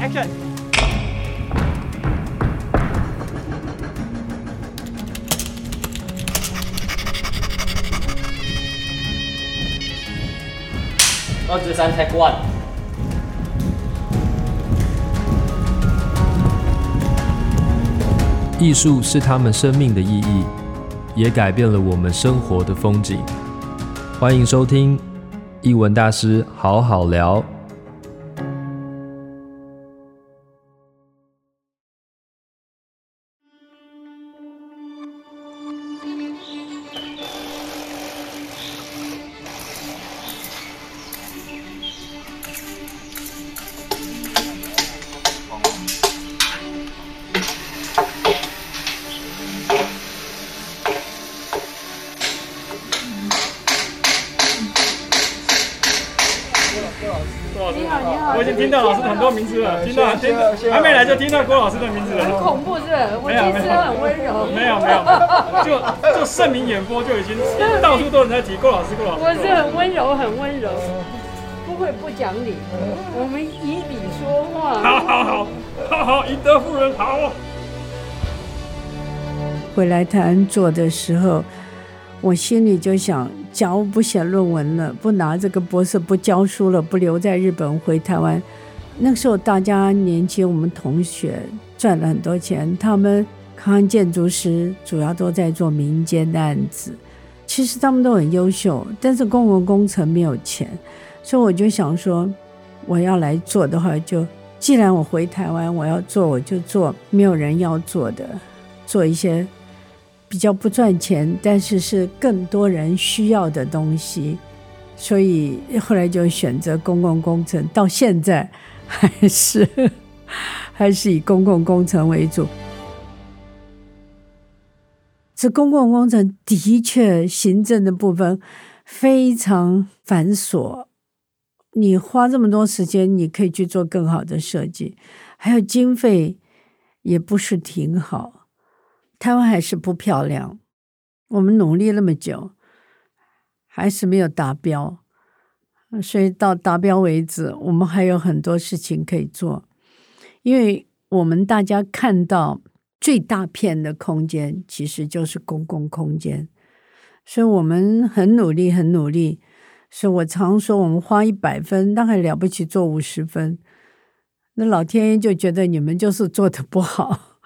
Action. 二十三，Take one。藝術是他們生命的意義，也改變了我們生活的風景。歡迎收聽《藝文大師好好聊》。證明演播，就已經到處都在提郭老師，郭老，老師。我是很溫柔，很溫柔，不會不講理。我們以理說話。好，好，好，好，好，好，以德服人好。回來台灣做的時候，我心裡就想，假如不寫論文了，不拿這個博士，不教書了，不留在日本回台灣。那個時候大家年輕，我們同學賺了很多錢，他們。台灣建築師主要都在做民間的案子，其實他們都很優秀，但是公共工程沒有錢，所以我就想說，我要來做的話，就既然我回台灣，我要做我就做，我就做沒有人要做的，做一些比較不賺錢，但是是更多人需要的東西，所以後來就選擇公共工程，到現在還是還是以公共工程為主。這公共工程的確，行政的部分非常繁瑣。你花這麼多時間，你可以去做更好的設計，還有經費也不是挺好。台灣還是不漂亮，我們努力那麼久，還是沒有達標。所以到達標為止，我們還有很多事情可以做，因為我們大家看到。最大片的空間其實就是公共空間，所以我們很努力，很努力。所以我常說，我們花一百分，那還了不起，做五十分，那老天爺就覺得你們就是做的不好，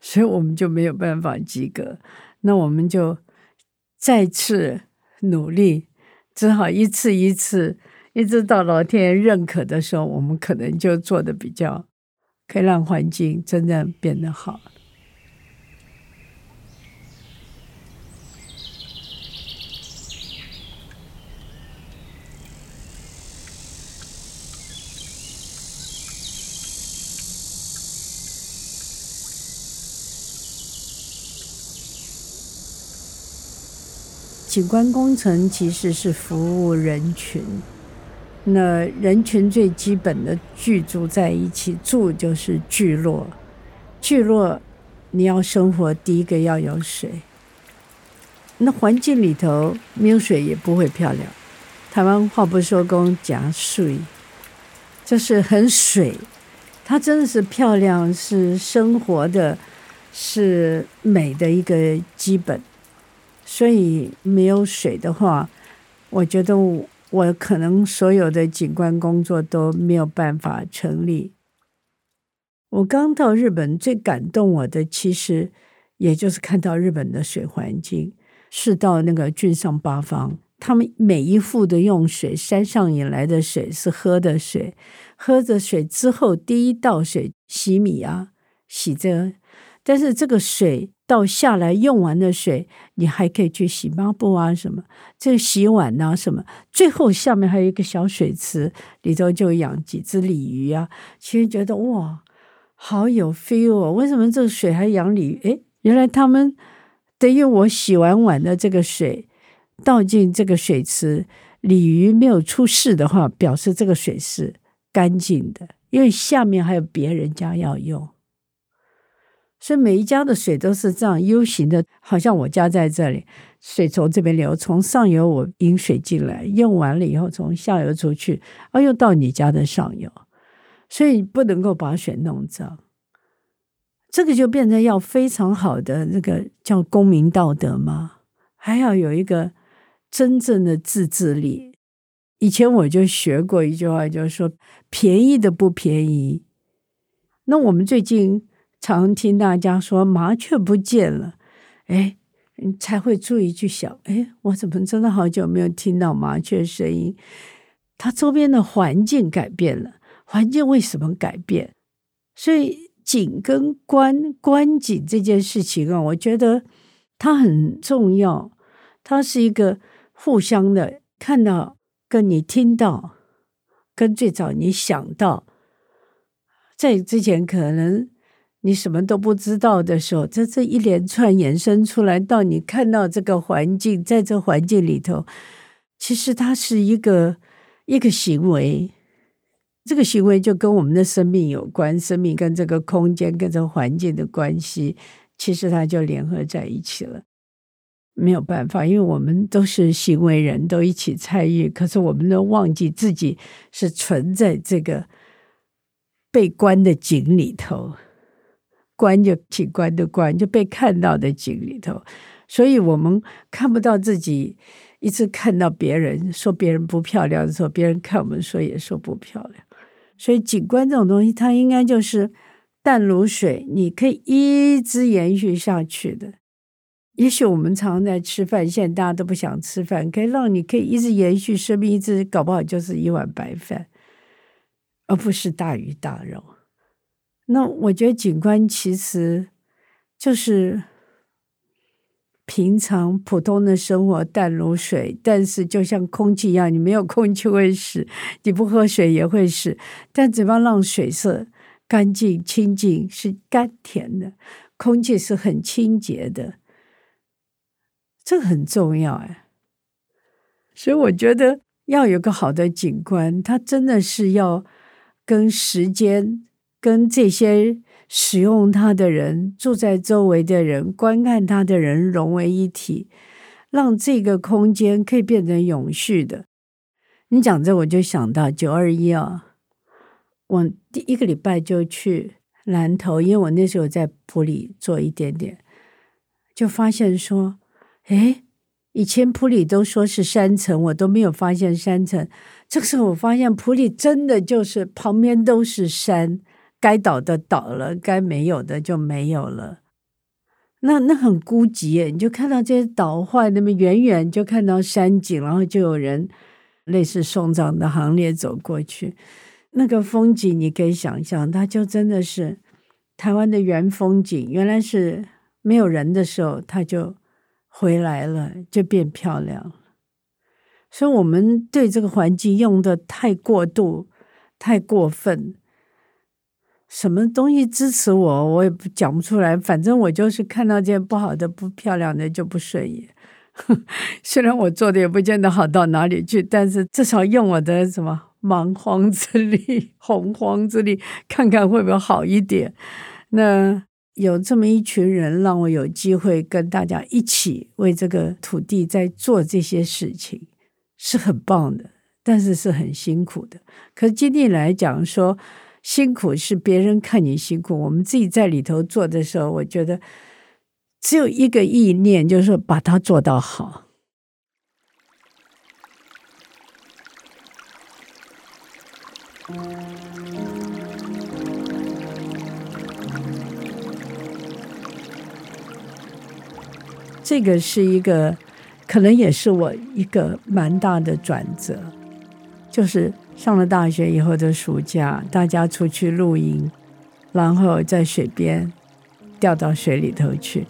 所以我們就沒有辦法及格。那我們就再次努力，只好一次一次，一直到老天爺認可的時候，我們可能就做的比較可以讓環境真的變得好。景觀工程其實是服務人群，那人群最基本的居住在一起住就是聚落，聚落你要生活，第一個要有水。那環境裡頭沒有水也不會漂亮。台灣話不說，跟我講水，就是很水，它真的是漂亮，是生活的，是美的一個基本。所以沒有水的話，我覺得我可能所有的景觀工作都沒有辦法成立。我剛到日本，最感動我的其實也就是看到日本的水環境。是到那個郡上八方，他們每一戶的用水，山上引來的水是喝的水，喝着水之後第一道水洗米啊，洗着，但是這個水。倒下來用完的水，你還可以去洗抹布啊，什麼，這個、洗碗啊，什麼，最後下面還有一個小水池，裡頭就養幾隻鯉魚啊。其實覺得哇，好有 feel 啊、哦！為什麼這個水還養鯉魚？誒，原來他們得用我洗完碗的這個水倒進這個水池，鯉魚沒有出事的話，表示這個水是乾淨的，因為下面還有別人家要用。所以每一家的水都是這樣 U 型的，好像我家在這裡，水從這邊流，從上游我引水進來，用完了以後從下游出去，啊，又到你家的上游，所以不能夠把水弄髒。這個就變成要非常好的那個叫公民道德嘛。還要有一個真正的自制力。以前我就學過一句話，就是說便宜的不便宜。那我們最近。常聽大家說麻雀不見了，哎，你才會注意去想，哎，我怎麼真的好久沒有聽到麻雀聲音？它周邊的環境改變了，環境為什麼改變？所以景跟觀觀景這件事情啊，我覺得它很重要，它是一個互相的看到，跟你聽到，跟最早你想到，在之前可能。你什麼都不知道的時候，這這一連串延伸出來，到你看到這個環境，在這環境裡頭，其實它是一個一個行為，這個行為就跟我們的生命有關，生命跟這個空間、跟這個環境的關係，其實它就聯合在一起了。沒有辦法，因為我們都是行為人，都一起參與，可是我們都忘記自己是存在這個被關的井裡頭。觀就景觀的觀，就被看到的景裡頭，所以我們看不到自己，一直看到別人，說別人不漂亮的時候，別人看我們說也說不漂亮。所以景觀這種東西，它應該就是淡如水，你可以一直延續下去的。也許我們常在吃飯，現在大家都不想吃飯，可以讓你可以一直延續，生命一直搞不好就是一碗白飯，而不是大魚大肉。那我覺得景觀其實就是平常普通的生活，淡如水，但是就像空氣一樣，你沒有空氣會死，你不喝水也會死。但怎麼讓水色乾淨、清淨，是甘甜的？空氣是很清潔的，這很重要哎。所以我覺得要有個好的景觀，它真的是要跟時間。跟這些使用它的人，住在周圍的人，觀看它的人融為一體，讓這個空間可以變成永續的。你講這，我就想到九二一啊，我第一個禮拜就去南投，因為我那時候在埔里做一點點，就發現說，哎，以前埔里都說是山城，我都沒有發現山城，這個時候我發現埔里真的就是旁邊都是山。該倒的倒了，該沒有的就沒有了。那那很孤寂耶，你就看到這些倒壞，那麼遠遠就看到山景，然後就有人類似送葬的行列走過去。那個風景你可以想象，它就真的是台灣的原風景。原來是沒有人的時候，它就回來了，就變漂亮。所以，我們對這個環境用得太過度，太過分。什麼東西支持我，我也不講不出來。反正我就是看到這些不好的、不漂亮的就不順眼。雖然我做的也不見得好到哪裡去，但是至少用我的什麼蠻荒之力、洪荒之力，看看會不會好一點。那有這麼一群人，讓我有機會跟大家一起為這個土地在做這些事情，是很棒的，但是是很辛苦的。可是今天來講說。辛苦是別人看你辛苦，我們自己在裡頭做的時候，我覺得只有一個意念，就是把它做到好。這個是一個，可能也是我一個蠻大的轉折，就是。上了大學以後的暑假，大家出去露營，然後在水邊掉到水裡頭去。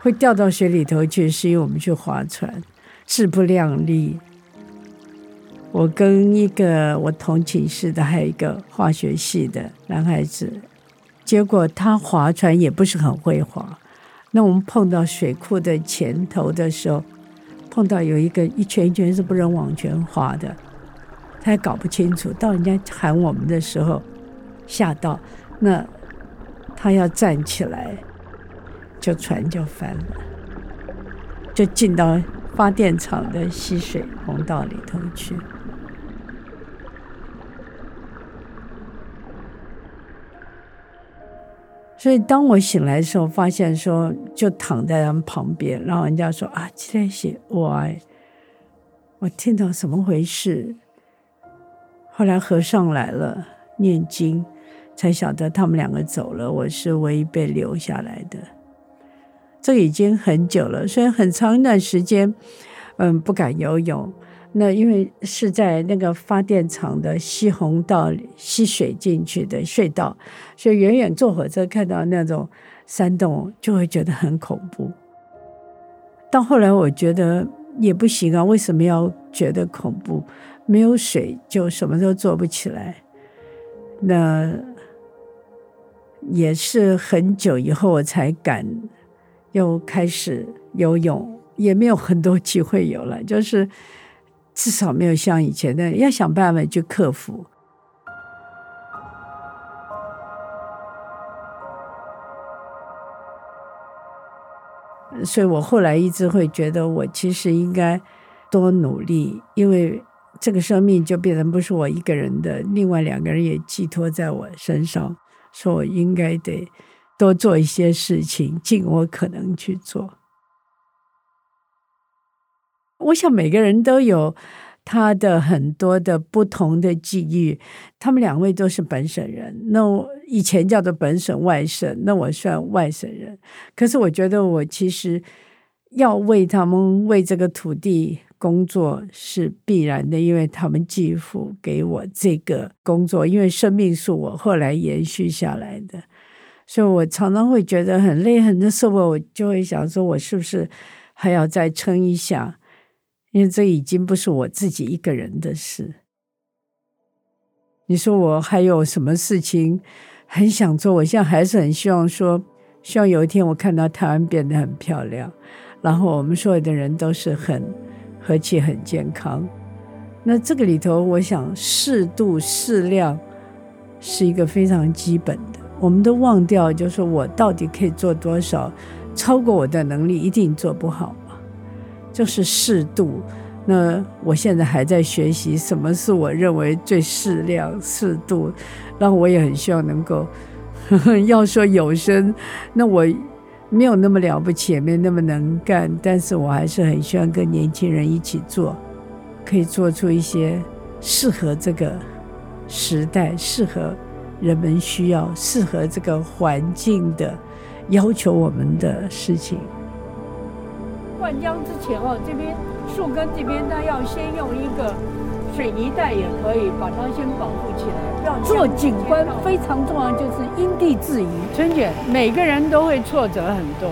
會掉到水裡頭去，是因為我們去划船，自不量力。我跟一個我同寢室的，還有一個化學系的男孩子。結果他划船也不是很會划，那我們碰到水庫的前頭的時候，碰到有一個一圈一圈是不能往前划的，他也搞不清楚。到人家喊我們的時候，嚇到，那他要站起來，就船就翻了，就進到發電廠的溪水洪道裡頭去。所以當我醒來的時候，發現說就躺在他們旁邊，然後人家說啊，今天寫，我，我聽到怎麼回事？後來和尚來了念經，才曉得他們兩個走了，我是唯一被留下來的。這已經很久了，雖然很長一段時間，嗯，不敢游泳。那因為是在那個發電廠的洩洪道裡吸水進去的隧道，所以遠遠坐火車看到那種山洞就會覺得很恐怖。到後來我覺得也不行啊，為什麼要覺得恐怖？沒有水就什麼都做不起來。那也是很久以後我才敢又開始游泳，也沒有很多機會游了，就是。至少沒有像以前那樣，要想辦法去克服。所以我後來一直會覺得，我其實應該多努力，因為這個生命就變成不是我一個人的，另外兩個人也寄托在我身上，說我應該得多做一些事情，盡我可能去做。我想每個人都有他的很多的不同的際遇。他們兩位都是本省人，那我以前叫做本省外省，那我算外省人。可是我覺得我其實要為他們為這個土地工作是必然的，因為他們繼父給我這個工作，因為生命是我後來延續下來的，所以我常常會覺得很累，很多時候我就會想說，我是不是還要再撐一下？因為這已經不是我自己一個人的事。你說我還有什麼事情很想做？我現在還是很希望說，希望有一天我看到台灣變得很漂亮，然後我們所有的人都是很和氣、很健康。那這個裡頭，我想適度、適量是一個非常基本的。我們都忘掉，就是我到底可以做多少？超過我的能力，一定做不好。就是適度。那我現在還在學習什麼是我認為最適量、適度。那我也很希望能夠，呵呵，要說有聲，那我沒有那麼了不起，也沒有那麼能幹，但是我還是很希望跟年輕人一起做，可以做出一些適合這個時代、適合人們需要、適合這個環境的要求我們的事情。灌漿之前哦，這邊樹根這邊呢，它要先用一個水泥袋也可以，把它先保護起來，不要做景觀非常重要，就是因地制宜。春姐，每個人都會挫折很多，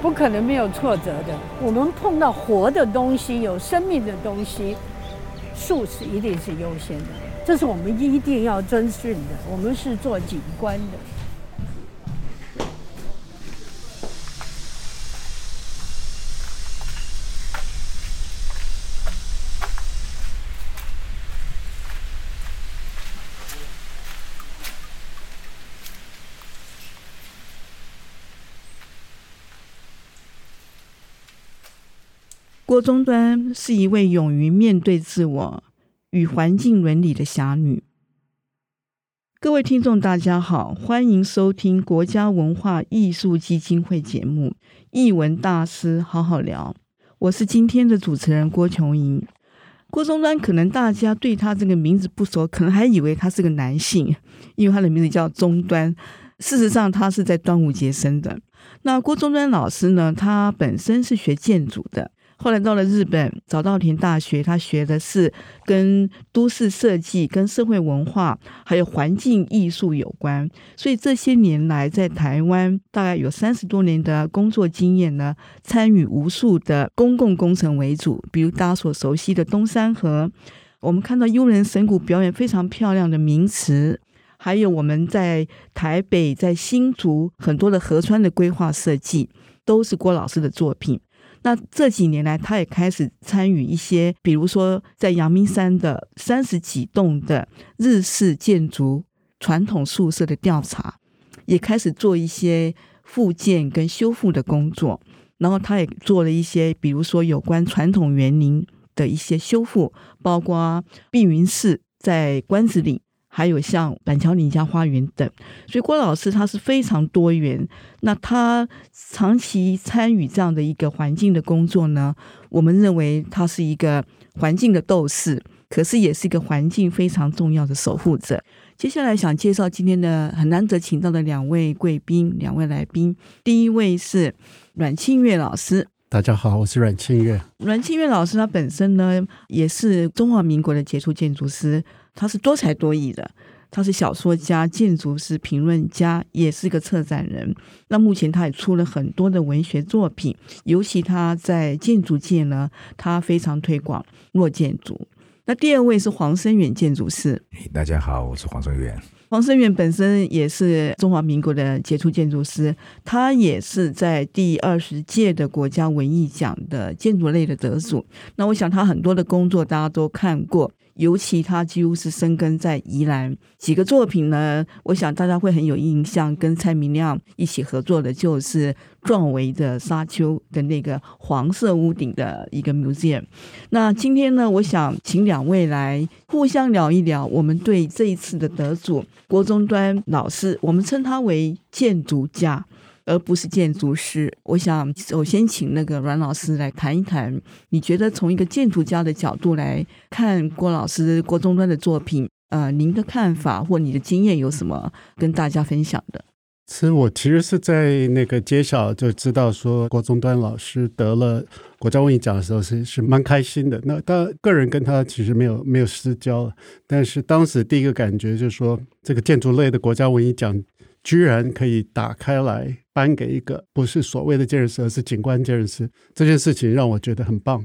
不可能沒有挫折的。我們碰到活的東西，有生命的東西，樹是一定是優先的，這是我們一定要遵循的。我們是做景觀的。郭中端是一位勇於面對自我與環境倫理的俠女。各位聽眾，大家好，歡迎收聽國家文化藝術基金會節目《藝文大師好好聊》，我是今天的主持人郭瓊瑩。郭中端可能大家對他這個名字不熟，可能還以為他是個男性，因為他的名字叫中端。事實上，他是在端午節生的。那郭中端老師呢，他本身是學建築的。後來到了日本早稻田大學，他學的是跟都市設計、跟社會文化還有環境藝術有關。所以這些年來在台灣大概有三十多年的工作經驗呢，參與無數的公共工程為主，比如大家所熟悉的東山河，我們看到優人神鼓表演非常漂亮的名詞，還有我們在台北、在新竹很多的河川的規劃設計都是郭老師的作品。那這幾年來，他也開始參與一些，比如說在陽明山的三十幾棟的日式建築傳統宿舍的調查，也開始做一些復建跟修復的工作。然後他也做了一些，比如說有關傳統園林的一些修復，包括碧雲寺在關子嶺。還有像板橋林家花園等，所以郭老師他是非常多元。那他長期參與這樣的一個環境的工作呢，我們認為他是一個環境的鬥士，可是也是一個環境非常重要的守護者。接下來想介紹今天的很難得請到的兩位貴賓、兩位來賓，第一位是阮慶岳老師。大家好，我是阮慶岳。阮慶岳老師他本身呢也是中華民國的傑出建築師，他是多才多藝的，他是小說家、建築師、評論家，也是一個策展人。那目前他也出了很多的文學作品，尤其他在建築界呢，他非常推廣弱建築。那第二位是黃聲遠建築師。大家好，我是黃聲遠。黃聲遠本身也是中華民國的傑出建築師，他也是在第二十屆的國家文藝獎的建築類的得主。那我想他很多的工作大家都看過。尤其他幾乎是生根在宜蘭，幾個作品呢，我想大家會很有印象，跟蔡明亮一起合作的就是壯圍的沙丘跟那個黃色屋頂的一個 museum。那今天呢，我想請兩位來互相聊一聊，我們對這一次的得主郭中端老師，我們稱他為建築家。而不是建築師，我想首先請那個阮老師來談一談，你覺得從一個建築家的角度來看郭老師郭中端的作品，啊、呃，您的看法或你的經驗有什麼跟大家分享的？其實我其實是在那個揭曉就知道說郭中端老師得了國家文藝獎的時候是是蠻開心的。那當個人跟他其實沒有沒有私交，但是當時第一個感覺就是說這個建築類的國家文藝獎居然可以打開來。頒給一個不是所謂的建築師，而是景觀建築師，這件事情讓我覺得很棒。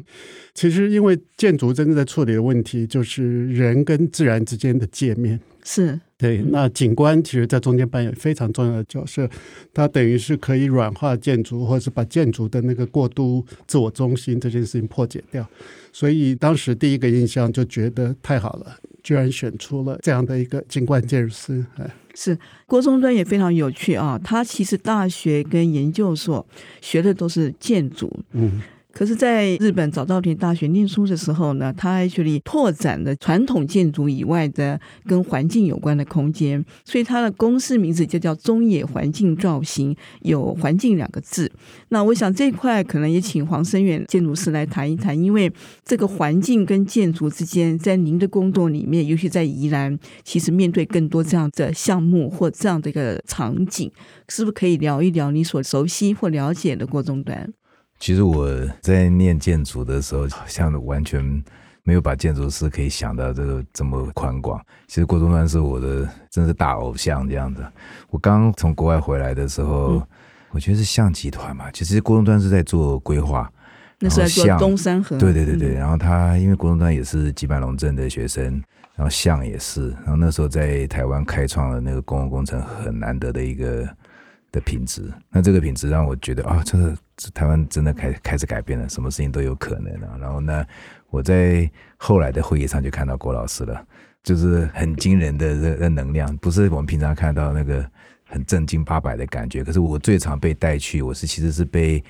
其實，因為建築真正在處理的問題就是人跟自然之間的界面，是。對，那景觀其實在中間扮演非常重要的角色，它等於是可以軟化建築，或者是把建築的那個過度自我中心這件事情破解掉。所以當時第一個印象就覺得太好了，居然選出了這樣的一個景觀建築師，哎是郭中端也非常有趣啊，他其實大學跟研究所學的都是建築。嗯。可是，在日本早稻田大學念書的時候呢，他還去拓展了傳統建築以外的跟環境有關的空間，所以他的公司名字就叫中野環境造型，有“環境”兩個字。那我想這一塊可能也請黃聲遠建築師來談一談，因為這個環境跟建築之間，在您的工作裡面，尤其在宜蘭，其實面對更多這樣的項目或這樣的一個場景，是不是可以聊一聊你所熟悉或了解的過程中？其實我在念建築的時候，好像完全沒有把建築師可以想到這個這麼寬廣。其實郭中端是我的真的是大偶像這樣子。我剛從國外回來的時候，嗯、我覺得是象集團嘛。其實郭中端是在做規劃，然後那是做冬山河。對對對對，嗯、然後他因為郭中端也是吉阪隆正的學生，然後象也是，然後那時候在台灣開創了那個公共工程很難得的一個的品質。那這個品質讓我覺得啊，這、哦、個。真的台灣真的開開始改變了，什麼事情都有可能啊！然後呢，我在後來的會議上就看到郭老師了，就是很驚人的能量，不是我們平常看到那個很正經八百的感覺。可是我最常被帶去，我是其實是被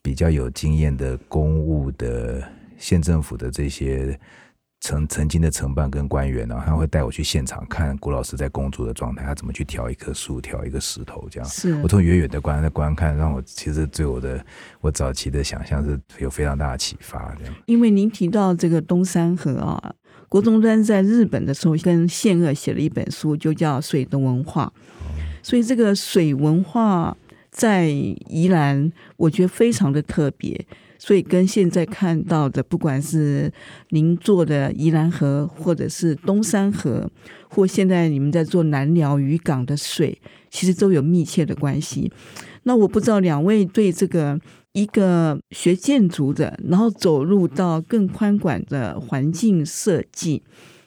比較有經驗的公務的縣政府的這些。曾曾經的承辦跟官員呢、啊，他會帶我去現場看郭老師在工作的狀態，他怎麼去挑一棵樹、挑一個石頭這樣。是我從遠遠的觀的觀看，讓我其實對我的我早期的想象是有非常大的啟發。這樣，因為您提到這個冬山河啊，郭中端在日本的時候跟縣惡寫了一本書，就叫《水的文化》，嗯，所以這個水文化在宜蘭，我覺得非常的特別。所以，跟現在看到的，不管是您做的宜蘭河，或者是東山河，或現在你們在做南寮漁港的水，其實都有密切的關係。那我不知道兩位對這個一個學建築的，然後走入到更寬廣的環境設計，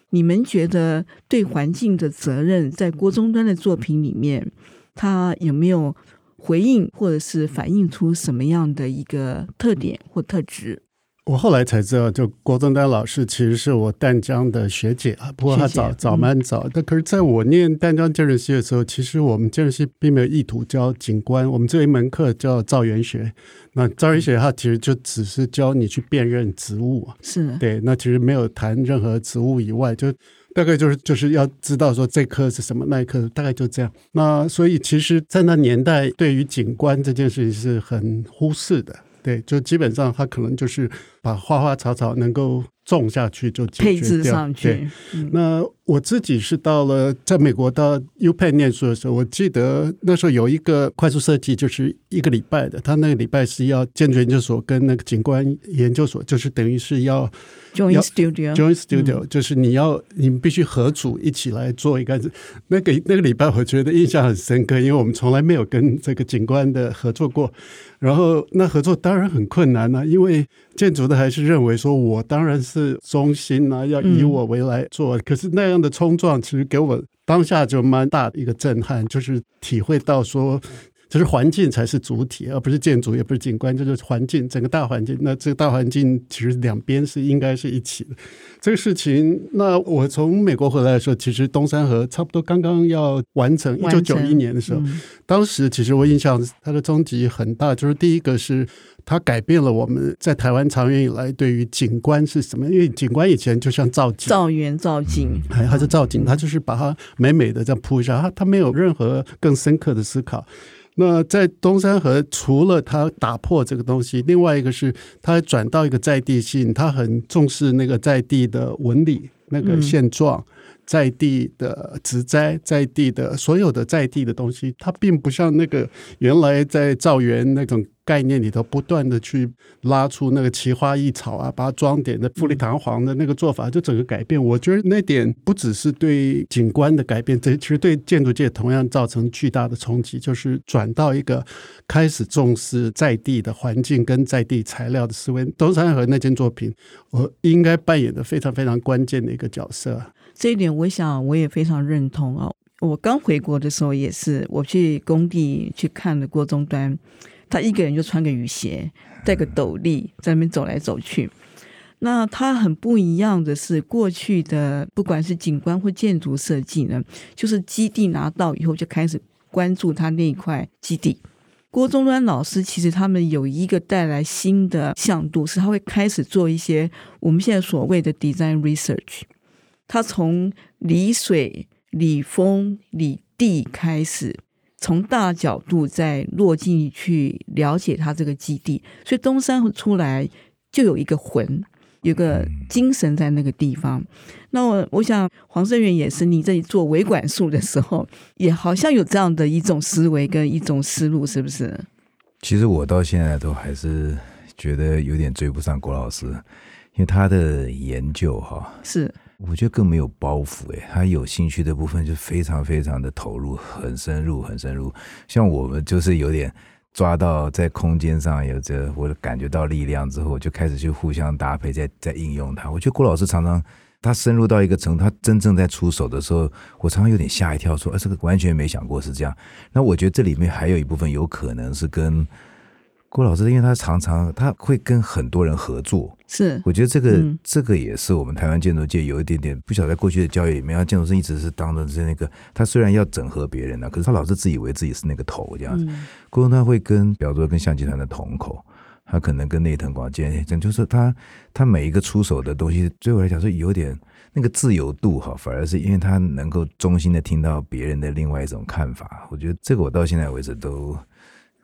你們覺得對環境的責任，在郭中端的作品裡面，他有沒有？回應或者是反映出什麼樣的一個特點或特質？我後來才知道，就郭中端老師其實是我淡江的學姐啊。學姐，不過她早早蠻早的，但可是在我念淡江建築系的時候，其實我們建築系並沒有意圖教景觀，我們這一門課叫造園學。那造園學它其實就只是教你去辨認植物啊，是對，那其實沒有談任何植物以外就。大概就是就是要知道說，這棵是什麼，那一棵大概就這樣。那所以其實，在那年代，對於景觀這件事情是很忽視的，對，就基本上他可能就是把花花草草能夠種下去就解決掉，配置上去。對嗯、那。我自己是到了在美國到 U Penn 念書的時候，我記得那時候有一個快速設計，就是一個禮拜的。他那個禮拜是要建築研究所跟那個景觀研究所，就是等於是要 Join Studio，Join Studio，就是你要你們必須合組一起來做一個。應該是那個那個禮拜，我覺得印象很深刻，因為我們從來沒有跟這個景觀的合作過。然後那合作當然很困難了，啊，因為建築的還是認為說我當然是中心啊，要以我為來做。Mm. 可是那這樣的衝撞，其實給我當下就蠻大的一個震撼，就是體會到說，就是環境才是主體，而不是建築，也不是景觀，就是環境，整個大環境。那這個大環境其實兩邊是應該是一起的這個事情。那我從美國回來的時候，其實冬山河差不多剛剛要完成。一九九一年的時候、嗯，當時其實我印象它的衝擊很大，就是第一個是它改變了我們在台灣長遠以來對於景觀是什麼，因為景觀以前就像造景、造園、造景，還、嗯、是造景，它就是把它美美的這樣鋪一下，它它沒有任何更深刻的思考。那在冬山河，除了他打破這個東西，另外一個是他轉到一個在地性，他很重視那個在地的紋理，那個現狀。嗯在地的植栽，在地的所有的在地的東西，它並不像那個原來在造園那種概念裡頭，不斷的去拉出那個奇花異草啊，把它裝點的富麗堂皇的那個做法，就整個改變。我覺得那點不只是對景觀的改變，這其實對建築界同樣造成巨大的衝擊，就是轉到一個開始重視在地的環境跟在地材料的思維。冬山河那件作品，我應該扮演的非常非常關鍵的一個角色。這一點，我想我也非常認同哦。我剛回國的時候也是，我去工地去看了郭中端，他一個人就穿個雨鞋，戴個斗笠，在那邊走來走去。那他很不一樣的是，過去的不管是景觀或建築設計呢，就是基地拿到以後就開始關注他那一塊基地。郭中端老師其實他們有一個帶來新的向度，是他會開始做一些我們現在所謂的 design research。他從理水、理風、理地開始，從大角度再落進去了解他這個基地，所以東山出來就有一個魂，有一個精神在那個地方。嗯、那我我想，黃聲遠也是，你這裡做維管束的時候，也好像有這樣的一種思維跟一種思路，是不是？其實我到現在都還是覺得有點追不上郭老師，因為他的研究哈是。我覺得更沒有包袱誒、哎，他有興趣的部分就非常非常的投入，很深入，很深入。像我們就是有點抓到在空間上有着，我感覺到力量之後，我就開始去互相搭配，在在應用它。我覺得郭老師常常他深入到一個程度，他真正在出手的時候，我常常有點嚇一跳，說啊，這個完全沒想過是這樣。那我覺得這裡面還有一部分有可能是跟。郭老師，因為他常常他會跟很多人合作，是我覺得這個、嗯、這個也是我們台灣建築界有一點點不曉得，過去的教育裡面，他建築師一直是當着是那個他雖然要整合別人呢，啊，可是他老是自以為自己是那個頭這樣子。嗯、郭東他會跟，比方說跟象集團的同口，他可能跟內藤廣建，就是他他每一個出手的東西，對我來講說有點那個自由度哈，反而是因為他能夠衷心的聽到別人的另外一種看法。我覺得這個我到現在為止都。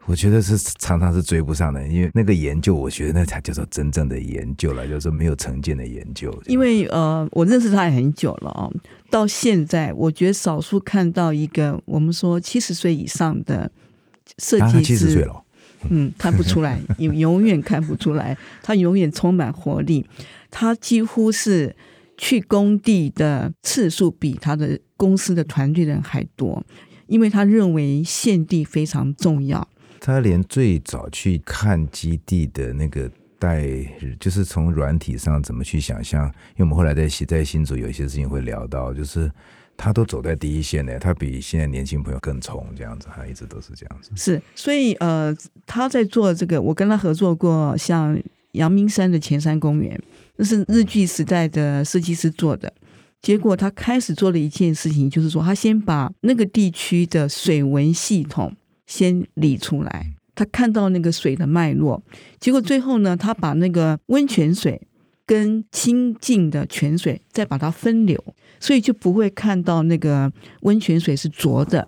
我覺得是常常是追不上的，因為那個研究，我覺得那才叫做真正的研究了，就是沒有成見的研究。因為呃，我認識他也很久了哦，到現在，我覺得少數看到一個我們說七十歲以上的設計師，啊，他七十歲了哦， 嗯，看不出來，永永遠看不出來，他永遠充滿活力。他幾乎是去工地的次數比他的公司的團隊人還多，因為他認為現地非常重要。他連最早去看基地的那個代，就是從軟體上怎麼去想象？因為我們後來在寫在新組有一些事情會聊到，就是他都走在第一線呢，他比現在年輕朋友更衝，這樣子，他一直都是這樣子。是，所以呃，他在做這個，我跟他合作過，像陽明山的前山公園，那是日據時代的設計師做的。結果他開始做了一件事情，就是說他先把那個地區的水文系統。先理出來，他看到那個水的脈絡，結果最後呢，他把那個溫泉水跟清淨的泉水再把它分流，所以就不會看到那個溫泉水是濁的。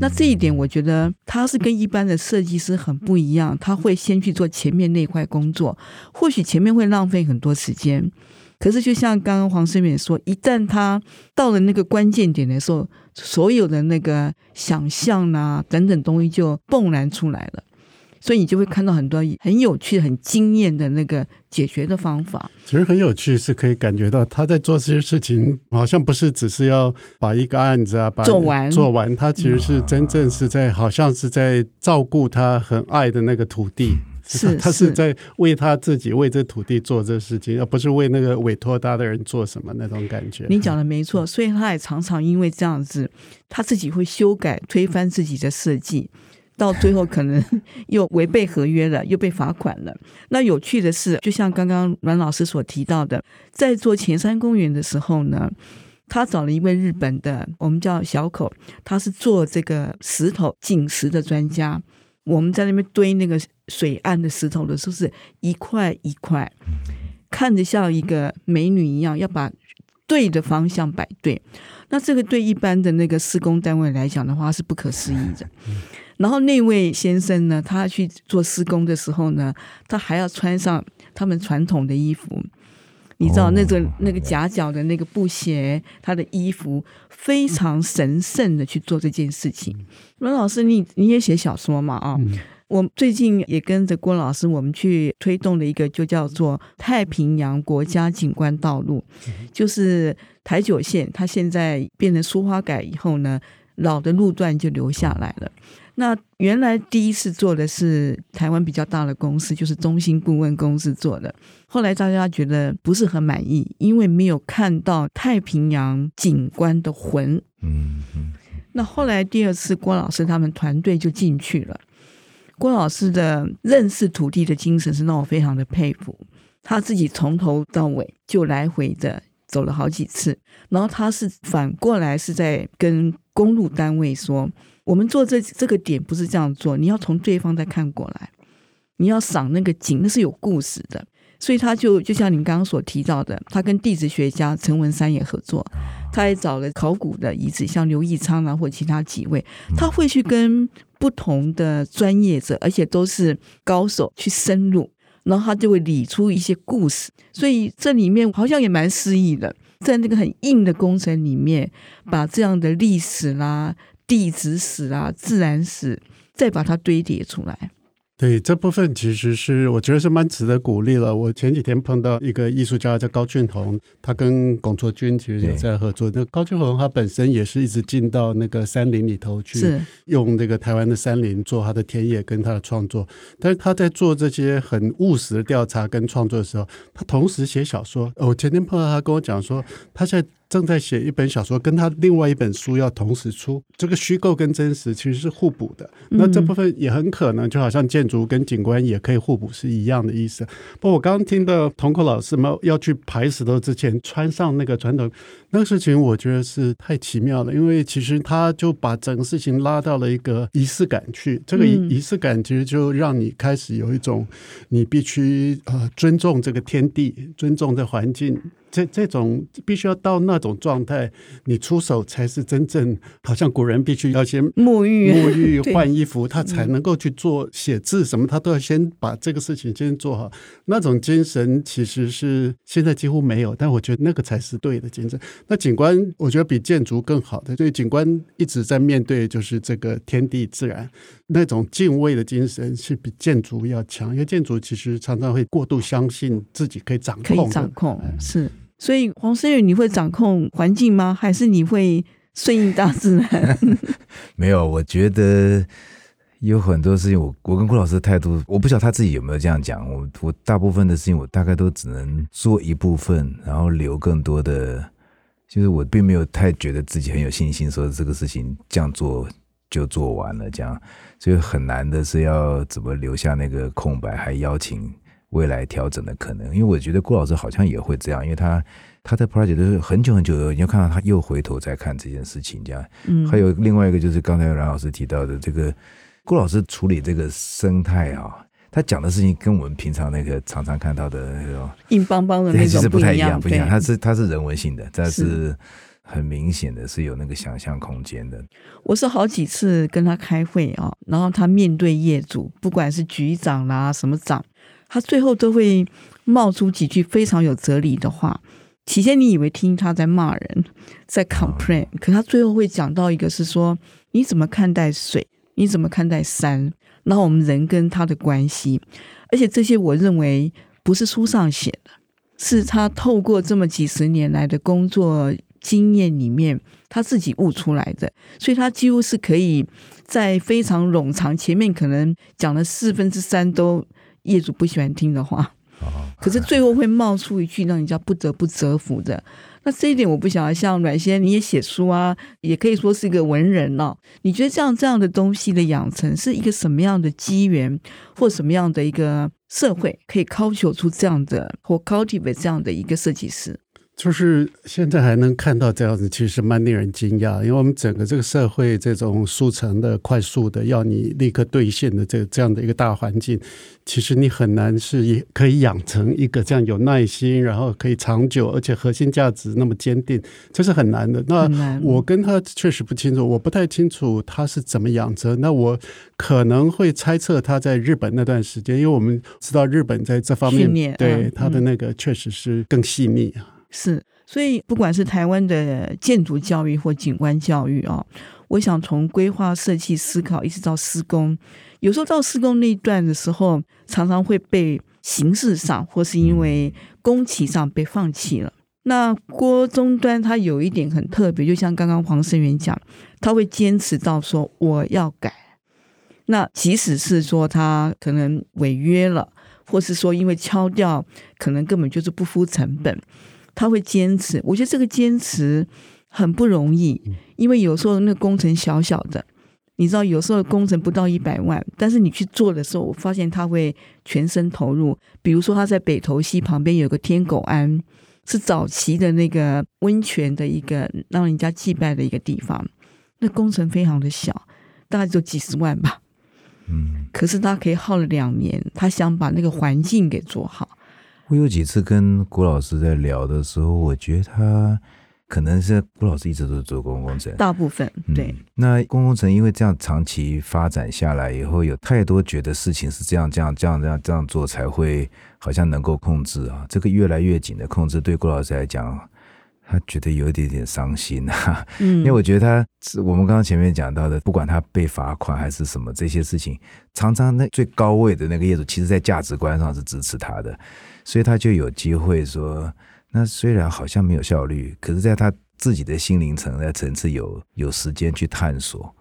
那這一點，我覺得他是跟一般的設計師很不一樣，他會先去做前面那塊工作，或許前面會浪費很多時間。可是，就像剛剛黃世勉說，一旦他到了那個關鍵點的時候，所有的那個想象吶、啊、等等東西就蹦然出來了，所以你就會看到很多很有趣、很驚豔的那個解決的方法。其實很有趣，是可以感覺到他在做這些事情，好像不是只是要把一個案子啊把它做完做完，他其實是真正是在，好像是在照顧他很愛的那個土地。是，他是在為他自己、為這土地做這事情，而不是為那個委託他的人做什麼那種感覺。你講的沒錯，所以他也常常因為這樣子，他自己會修改、推翻自己的設計， 到最後可能又違背合約了，又被罰款了。那有趣的是，就像剛剛阮老師所提到的，在做前山公園的時候呢，他找了一位日本的，我們叫小口，他是做這個石頭景石的專家。我們在那邊堆那個。水岸的石頭的時候是一塊一塊，看着像一個美女一樣，要把對的方向擺對。那這個對一般的那個施工單位來講的話是不可思議的。 然後那位先生呢，他去做施工的時候呢，他還要穿上他們傳統的衣服。你知道那個那個夾腳的那個布鞋，他的衣服非常神聖的去做這件事情。那、嗯、老師，你你也寫小說嘛啊？嗯我最近也跟着郭老師，我們去推動了一個，就叫做太平洋國家景觀道路，就是台九線。它現在變成蘇花改以後呢，老的路段就留下來了。那原來第一次做的是台灣比較大的公司，就是中心顧問公司做的。後來大家覺得不是很滿意，因為沒有看到太平洋景觀的魂。嗯，那後來第二次郭老師他們團隊就進去了。郭老師的認識土地的精神是讓我非常的佩服。他自己從頭到尾就來回的走了好幾次，然後他是反過來是在跟公路單位說：“我們做這這個點不是這樣做，你要從對方再看過來，你要賞那個景，那是有故事的。”所以他就就像你剛剛所提到的，他跟地質學家陳文山也合作，他也找了考古的遺址，像劉益昌啊或其他幾位，他會去跟。不同的專業者，而且都是高手去深入，然後他就會理出一些故事。所以這裡面好像也蠻詩意的，在那個很硬的工程裡面，把這樣的歷史啦、啊、地質史啊、自然史，再把它堆疊出來。對這部分其實是我覺得是蠻值得鼓勵了。我前幾天碰到一個藝術家叫高俊宏，他跟龔卓軍其實也在合作。那高俊宏他本身也是一直進到那個山林裡頭去，用那個台灣的山林做他的田野跟他的創作。但是他在做這些很務實的調查跟創作的時候，他同時寫小說。我、哦、前天碰到他跟我講說，他在。正在寫一本小說，跟他另外一本書要同時出。這個虛構跟真實其實是互補的。那這部分也很可能，就好像建築跟景觀也可以互補是一樣的意思。不過我剛剛聽到同可老師要去排石頭之前穿上那個傳統那個事情，我覺得是太奇妙了。因為其實他就把整個事情拉到了一個儀式感去。這個儀式感其實就讓你開始有一種你必須呃尊重這個天地，尊重這環境。這這種必須要到那種狀態，你出手才是真正，好像古人必須要先沐浴、沐浴、換衣服，他才能夠去做寫字什麼，他都要先把這個事情先做好。那種精神其實是現在幾乎沒有，但我覺得那個才是對的精神。那景觀，我覺得比建築更好的，所以景觀一直在面對就是這個天地自然，那種敬畏的精神是比建築要強。因為建築其實常常會過度相信自己可以掌控，可以掌控，是。所以，黃思遠，你會掌控環境嗎？還是你會順應大自然？ 沒有，我覺得有很多事情我，我我跟郭老師的態度，我不知道他自己有沒有這樣講。我我大部分的事情，我大概都只能做一部分，然後留更多的，就是我並沒有太覺得自己很有信心，說這個事情這樣做就做完了這樣。所以很難的是要怎麼留下那個空白，還邀請未來調整的可能，因為我覺得郭老師好像也會這樣，因為他他在 project 都是很久很久，你就看到他又回頭再看這件事情，這樣。嗯，還有另外一個就是剛才阮老師提到的這個，郭老師處理這個生態啊，他講的事情跟我們平常那個常常看到的那種硬邦邦的那種不一樣，其實不太一樣，不一樣。他是他是人文性的，但是很明顯的是有那個想象空間的。是我是好幾次跟他開會啊，然後他面對業主，不管是局長啦、啊、什麼長。他最後都會冒出幾句非常有哲理的話。起先你以為聽他在罵人，在 complain，可他最後會講到一個，是說你怎麼看待水，你怎麼看待山，然後我們人跟他的關係。而且這些我認為不是書上寫的，是他透過這麼幾十年來的工作經驗裡面，他自己悟出來的。所以，他幾乎是可以在非常冗長，前面可能講了四分之三都。業主不喜歡聽的話，可是最後會冒出一句讓人家不得不折服的。那這一點我不曉得，像阮先你也寫書啊，也可以說是一個文人哦。你覺得像這樣的東西的養成是一個什麼樣的機緣，或什麼樣的一個社會可以考求出這樣的或 cultivate 這樣的一個設計師？就是現在還能看到這樣子，其實蠻令人驚訝，因為我們整個這個社會這種速成的、快速的、要你立刻兌現的這這樣的一個大環境，其實你很難是也可以養成一個這樣有耐心，然後可以長久，而且核心價值那麼堅定，這是很難的。那我跟他確實不清楚，我不太清楚他是怎麼養成。那我可能會猜測他在日本那段時間，因為我們知道日本在這方面對他的那個確實是更細膩啊。是，所以不管是台灣的建築教育或景觀教育啊，我想從規劃設計思考一直到施工，有時候到施工那一段的時候，常常會被形式上或是因為工期上被放棄了。那郭中端他有一點很特別，就像剛剛黃聲遠講，他會堅持到說我要改。那即使是說他可能違約了，或是說因為敲掉，可能根本就是不敷成本。他會堅持，我覺得這個堅持很不容易，因為有時候那個工程小小的，你知道，有時候工程不到一百萬，但是你去做的時候，我發現他會全身投入。比如說他在北投溪旁邊有個天狗庵，是早期的那個溫泉的一個讓人家祭拜的一個地方，那工程非常的小，大概就幾十萬吧。可是他可以耗了兩年，他想把那個環境給做好。我有幾次跟郭老師在聊的時候，我覺得他可能是郭老師一直都是做公共工程，大部分對。嗯、那公共工程因為這樣長期發展下來以後，有太多覺得事情是這樣這樣這樣這樣這樣做才會好像能夠控制啊，這個越來越緊的控制，對郭老師來講、啊。他覺得有一點點傷心啊，因為我覺得他，我們剛剛前面講到的，不管他被罰款還是什麼這些事情，常常那最高位的那個業主，其實在價值觀上是支持他的，所以他就有機會說，那雖然好像沒有效率，可是在他自己的心靈層在層次有有時間去探索，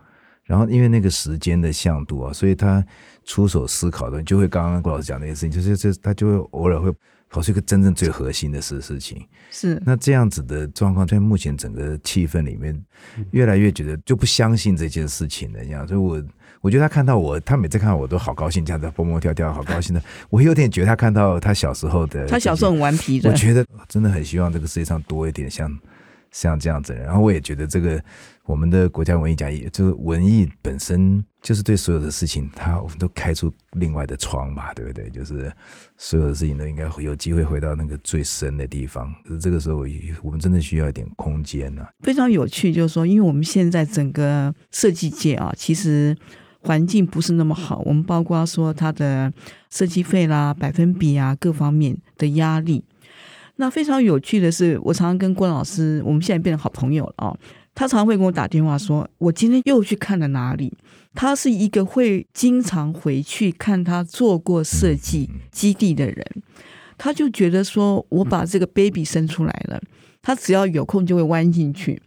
然後因為那個時間的向度啊，所以他出手思考的，就會剛剛郭老師講那些事情，就是這他就會偶爾會。好是一個真正最核心的事的事情，是那這樣子的狀況，在目前整個氣氛裡面越來越覺得就不相信這件事情了。一樣，所以我我覺得他看到我，他每次看到我都好高興，這樣子蹦蹦跳跳，好高興的。 我有點覺得他看到他小時候的，他小時候很頑皮的。我覺得真的很希望這個世界上多一點像像這樣子的人。然後我也覺得這個。我們的國家文藝獎也，就是文藝本身，就是對所有的事情，它我們都開出另外的窗嘛，對不對？就是所有的事情都應該有機會回到那個最深的地方。可是這個時候，我們真的需要一點空間呢、啊，非常有趣，就是說，因為我們現在整個設計界啊，其實環境不是那麼好。我們包括說它的設計費啦、百分比啊各方面的壓力。那非常有趣的是，我常常跟郭老師，我們現在變成好朋友了啊。他常會跟我打電話，說：“我今天又去看了哪裡？”他是一個會經常回去看他做過設計基地的人，他就覺得說：“我把這個 baby 生出來了。”他只要有空就會彎進去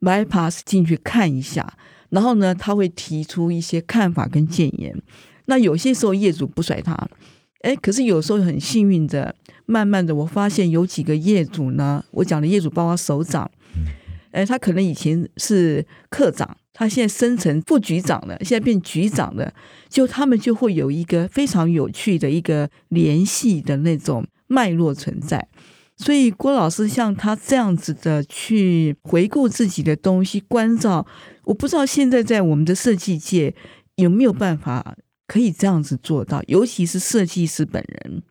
bypass 進去看一下，然後呢，他會提出一些看法跟建言。那有些時候業主不甩他，哎，可是有時候很幸運的，慢慢的我發現有幾個業主呢，我講的業主包括首長。哎，他可能以前是課長，他現在升成副局長了，現在變局長了。就他們就會有一個非常有趣的一個聯繫的那種脈絡存在。所以郭老師像他這樣子的去回顧自己的東西，關照，我不知道現在在我們的設計界有沒有辦法可以這樣子做到，尤其是設計師本人。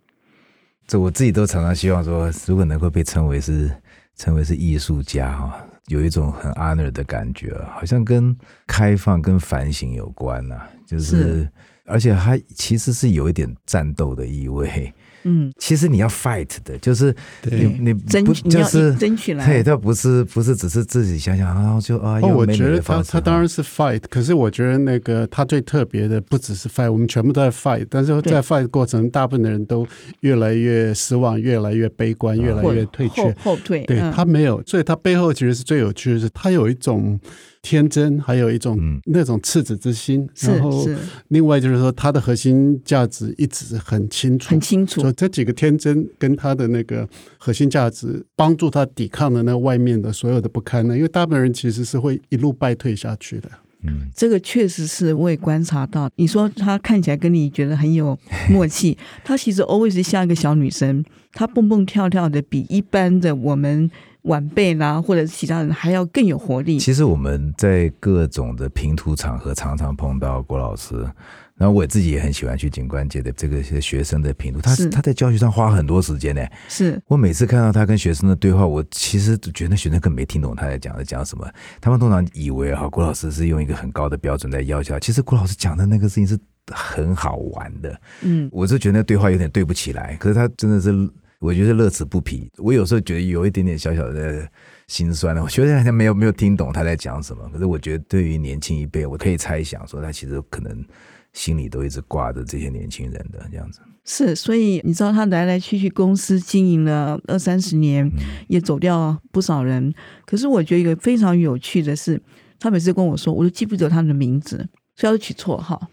這我自己都常常希望說，如果能夠被稱為是稱為是藝術家哈。有一種很 honor 的感覺，好像跟開放、跟反省有關吶、啊，就是，是而且它其實是有一點戰鬥的意味。嗯，其實你要 fight 的，就是你你爭取，就是爭取來，對，他不是不是只是自己想想然後就啊。美美我覺得他他當然是 fight，可是我覺得那個他最特別的不只是 fight，我們全部都在 fight，但是在 fight 過程，大部分的人都越來越失望，越來越悲觀，越來越退卻後，後退。嗯、對他沒有，所以他背後其實是最有趣的是，他有一種。天真，還有一種那種赤子之心、嗯，然後另外就是說，他的核心價值一直很清楚，很清楚。所以這幾個天真跟他的那個核心價值，幫助他抵抗了那外面的所有的不堪呢？因為大部分人其實是會一路敗退下去的。嗯，這個確實是我也觀察到。你說他看起來跟你覺得很有默契，他其實 always 像一個小女生，他蹦蹦跳跳的，比一般的我們。晚輩啦、啊，或者是其他人，還要更有活力。其實我們在各種的評圖場合，常常碰到郭老師、嗯。然後我自己也很喜歡去景觀界的這個學生的評圖，是他他在教學上花很多時間呢。是我每次看到他跟學生的對話，我其實覺得學生根本沒聽懂他在講的講什麼。他們通常以為哈，郭老師是用一個很高的標準在要求。其實郭老師講的那個事情是很好玩的。嗯，我就覺得那對話有點對不起來。可是他真的是。我覺得樂此不疲。我有時候覺得有一點點小小的心酸。我覺得好像沒有沒有聽懂他在講什麼。可是我覺得對於年輕一輩，我可以猜想說，他其實可能心裡都一直掛着這些年輕人的這樣子。是，所以你知道他來來去去公司經營了二三十年、嗯，也走掉不少人。可是我覺得一個非常有趣的是，他每次跟我說，我都記不得他的名字，所以要是取綽號，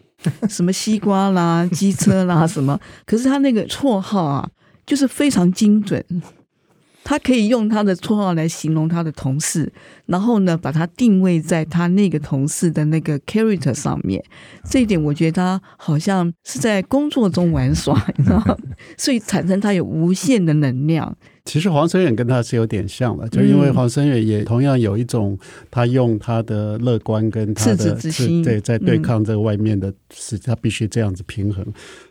什麼西瓜啦、 機車啦什麼。可是他那個綽號啊。就是非常精準，他可以用他的綽號來形容他的同事，然後呢，把他定位在他那個同事的那個 character 上面。這一點，我覺得他好像是在工作中玩耍，你知道嗎？所以產生他有無限的能量。其實黃聲遠跟他是有點像的，就因為黃聲遠也同樣有一種，他用他的樂觀跟他的、嗯、赤子之心，對，在對抗這個外面的世界、嗯，他必須這樣子平衡。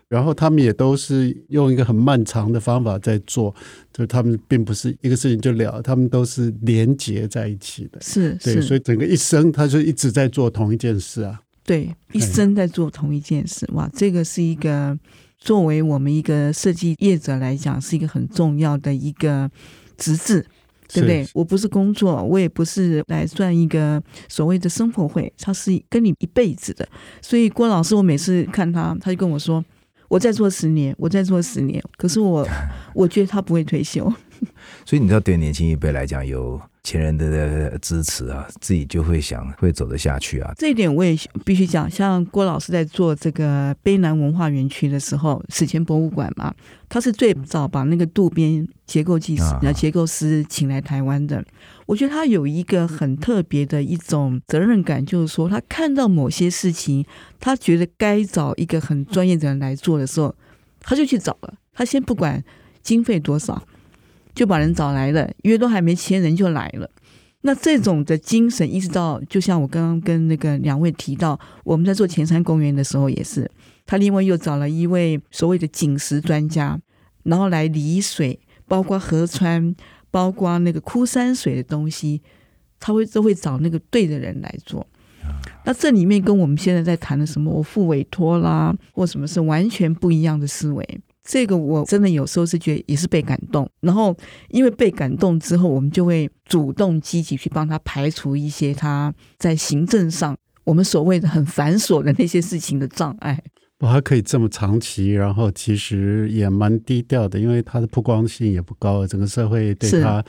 然後他們也都是用一個很漫長的方法在做，就他們並不是一個事情就了，他們都是連結在一起的。是，是對，所以整個一生，他就一直在做同一件事啊。對、嗯，一生在做同一件事，哇，這個是一個。作為我們一個設計業者來講，是一個很重要的一個職責，對不對？我不是工作，我也不是來賺一個所謂的生活費，它是跟你一輩子的。所以郭老師，我每次看他，他就跟我說：“我再做十年，我再做十年。”可是我，我覺得他不會退休。 所以你知道，對年輕一輩來講，有。前人的支持啊，自己就會想會走得下去啊。這一點我也必須講，像郭老師在做這個卑南文化園區的時候，史前博物館嘛，他是最早把那個渡邊結構技師，啊，然後結構師請來台灣的，啊。我覺得他有一個很特別的一種責任感，就是說他看到某些事情，他覺得該找一個很專業的人來做的時候，他就去找了。他先不管經費多少。就把人找來了，因為都還沒簽人就來了。那這種的精神，一直到就像我剛剛跟那個兩位提到，我們在做前山公園的時候也是，他另外又找了一位所謂的景石專家，然後來理水，包括河川，包括那個枯山水的東西，他會都會找那個對的人來做。那這裡面跟我們現在在談的什麼，我付委託啦，或什麼是完全不一樣的思維。這個我真的有時候是覺得也是被感動，然後因為被感動之後，我們就會主動積極去幫他排除一些他在行政上我們所謂的很繁瑣的那些事情的障礙。還可以這麼長期，然後其實也蠻低調的，因為他的曝光性也不高，整個社會對他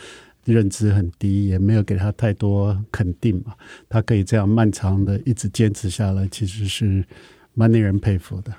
認知很低，也沒有給他太多肯定嘛。他可以這樣漫長的一直堅持下來，其實是蠻令人佩服的。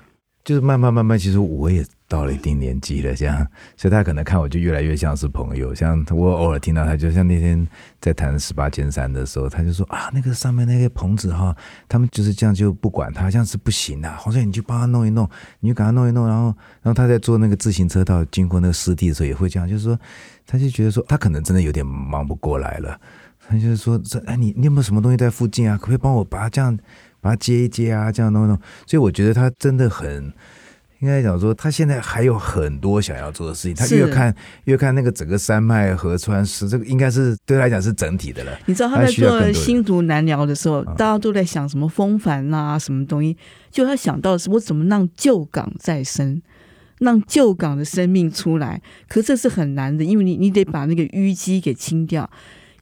就是慢慢慢慢，其實我也。到了一定年紀了，這樣，所以他可能看我就越來越像是朋友。像我偶爾聽到他，就像那天在談十八尖山的時候，他就說啊，那個上面那些棚子哈，他們就是這樣就不管他，這樣是不行的、啊。黃帥，你就幫他弄一弄，你就給他弄一弄。然後，然後他在坐那個自行車道經過那個濕地的時候也會這樣，就是說，他就覺得說他可能真的有點忙不過來了。他就是說，這哎，你你有沒有什麼東西在附近啊？可不可以幫我把它這樣把它接一接啊？這樣弄一弄。所以我覺得他真的很。應該講說，他現在還有很多想要做的事情。他越看越看那個整個山脈河川是這個，應該是對他來講是整體的了。你知道他在做新竹南寮的時候，大家都在想什麼風帆啊，嗯、什麼東西？就他想到的是我怎麼讓舊港再生，讓舊港的生命出來？可是這是很難的，因為你你得把那個淤積給清掉。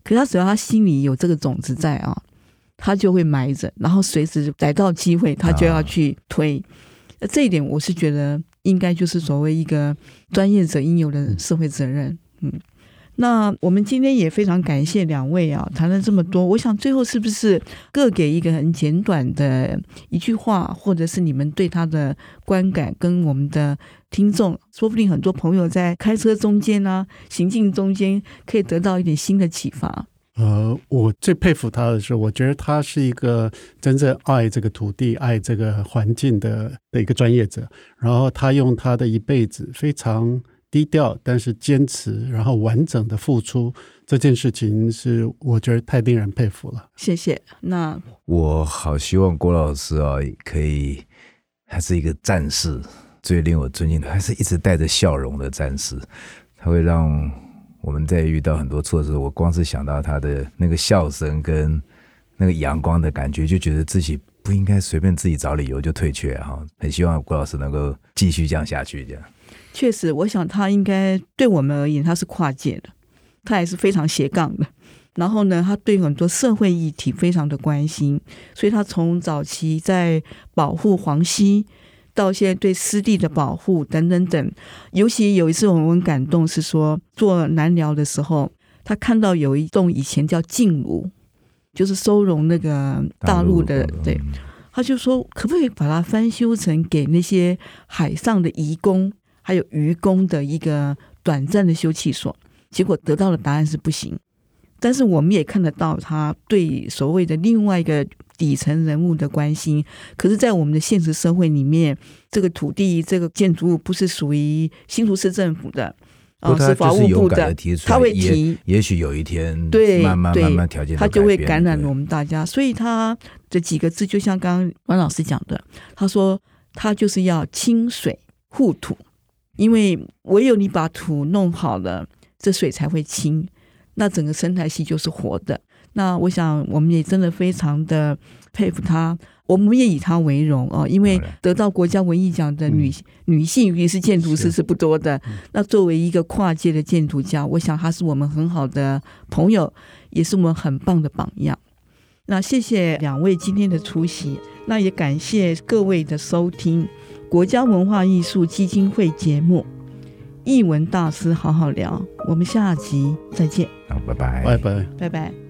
可他只要他心裡有這個種子在啊，他就會埋着，然後隨時逮到機會，他就要去推。嗯這一點我是覺得應該就是所謂一個專業者應有的社會責任。嗯，那我們今天也非常感謝兩位啊，談了這麼多，我想最後是不是各給一個很簡短的一句話，或者是你們對他的觀感，跟我們的聽眾，說不定很多朋友在開車中間呢、啊，行進中間可以得到一點新的啟發。呃，我最佩服他的是，我覺得他是一個真正愛這個土地、愛這個環境的的一個專業者。然後他用他的一輩子非常低調，但是堅持，然後完整的付出這件事情，是我覺得太令人佩服了。謝謝。那我好希望郭老師啊，可以還是一個戰士，最令我尊敬的，還是一直帶着笑容的戰士，他會讓。我們在遇到很多挫折，我光是想到他的那個笑聲跟那個陽光的感覺，就覺得自己不應該隨便自己找理由就退卻哈、啊。很希望郭老師能夠繼續這樣下去，這樣。確實，我想他應該對我們而言，他是跨界的，他也是非常斜槓的。然後呢，他對很多社會議題非常的關心，所以他從早期在保護黃西，到現在對濕地的保護等等等，尤其有一次我們感動是說做南寮的時候，他看到有一棟以前叫靖廬，就是收容那個大陸的，大陸的對，他就說可不可以把它翻修成給那些海上的移工還有漁工的一個短暫的休憩所？結果得到的答案是不行，但是我們也看得到他對所謂的另外一個。底層人物的關心，可是，在我們的現實社會裡面，這個土地、這個建築物不是屬於新竹市政府的，而是法務部的。他會提，也許有一天慢慢，對，慢慢慢慢條件，他就會感染我們大家。所以，他這幾個字，就像剛剛王老師講的，他說，他就是要清水護土，因為唯有你把土弄好了，這水才會清，那整個生態系就是活的。那我想，我們也真的非常的佩服他，我們也以他為榮啊！因為得到國家文藝獎的女性女性，也是建築師是不多的。那作為一個跨界的建築家，我想他是我們很好的朋友，也是我們很棒的榜樣。那謝謝兩位今天的出席，那也感謝各位的收聽國家文化藝術基金會節目《藝文大師好好聊》，我們下集再見。好，拜拜，拜拜，拜拜。